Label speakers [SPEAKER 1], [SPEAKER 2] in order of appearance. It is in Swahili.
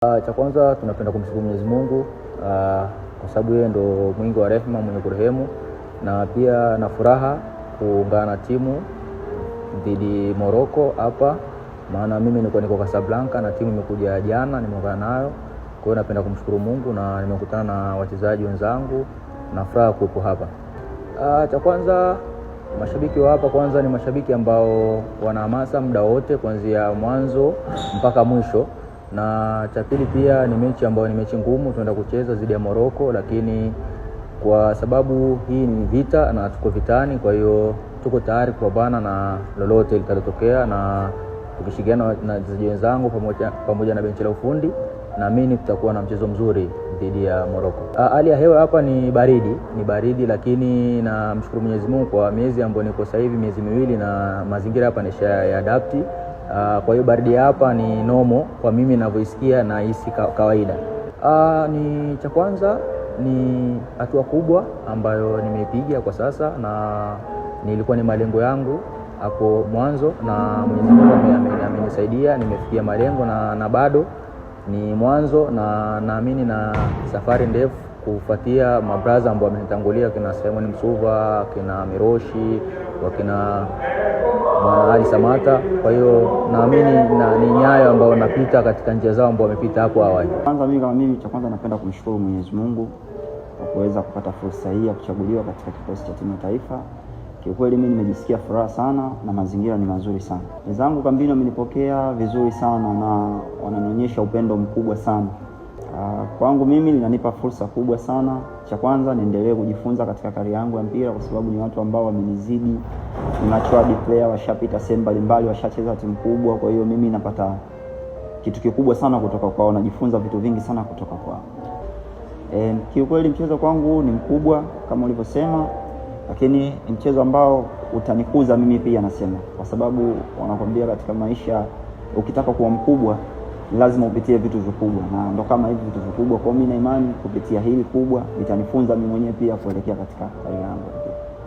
[SPEAKER 1] Ah, cha kwanza tunapenda kumshukuru Mwenyezi Mungu ah, kwa sababu yeye ndo mwingi wa rehema, mwenye kurehemu, na pia na furaha kuungana na timu dhidi Morocco hapa, maana mimi nilikuwa niko Casablanca na timu imekuja jana, nimeungana nayo. Kwa hiyo napenda kumshukuru Mungu na nimekutana na wachezaji wenzangu na furaha kuwepo hapa. Ah, cha kwanza mashabiki wa hapa kwanza ni mashabiki ambao wanahamasa muda wote, kuanzia mwanzo mpaka mwisho na cha pili pia ni mechi ambayo ni mechi ngumu tunaenda kucheza dhidi ya Morocco, lakini kwa sababu hii ni vita na tuko vitani, kwa hiyo tuko tayari kupambana na lolote litalotokea, na tukishirikiana na wachezaji wenzangu pamoja, pamoja na benchi la ufundi naamini tutakuwa na mchezo mzuri dhidi ya Morocco. Ah, hali ya hewa hapa ni baridi, ni baridi, lakini namshukuru Mwenyezi Mungu kwa miezi ambayo niko sasa hivi miezi miwili, na mazingira hapa nisha ya adapti Uh, kwa hiyo baridi hapa ni nomo kwa mimi ninavyoisikia na hisi kawaida. Uh, ni cha kwanza ni hatua kubwa ambayo nimeipiga kwa sasa na nilikuwa ni malengo yangu hapo mwanzo na Mwenyezi Mungu amenisaidia nimefikia malengo na, na bado ni mwanzo na naamini na safari ndefu kufuatia mabraza ambao wamenitangulia kina Simon Msuva, kina Miroshi, wakina ali Samata. Kwa hiyo naamini na ni nyayo ambao napita katika njia zao ambao wamepita hapo awali.
[SPEAKER 2] Kwanza mimi kama mimi, cha kwanza napenda kumshukuru Mwenyezi Mungu kwa kuweza kupata fursa hii ya kuchaguliwa katika kikosi cha timu ya taifa. Kiukweli mimi nimejisikia furaha sana na mazingira ni mazuri sana. Wenzangu kambini wamenipokea vizuri sana na wananionyesha upendo mkubwa sana. Ah, kwangu mimi linanipa fursa kubwa sana. Cha kwanza niendelee kujifunza katika kari yangu ya mpira, kwa sababu ni watu ambao wamenizidi mature player, washapita sehemu mbalimbali, washacheza timu kubwa. Kwa hiyo mimi napata kitu kikubwa sana kutoka kwao, najifunza vitu vingi sana kutoka kwao. E, kiukweli mchezo kwangu ni mkubwa kama ulivyosema, lakini ni mchezo ambao utanikuza mimi pia, nasema kwa sababu wanakwambia katika maisha ukitaka kuwa mkubwa lazima upitie vitu vikubwa, na ndo kama hivi vitu vikubwa. Kwa mimi na imani kupitia hili kubwa vitanifunza mimi mwenyewe pia kuelekea katika kari yangu.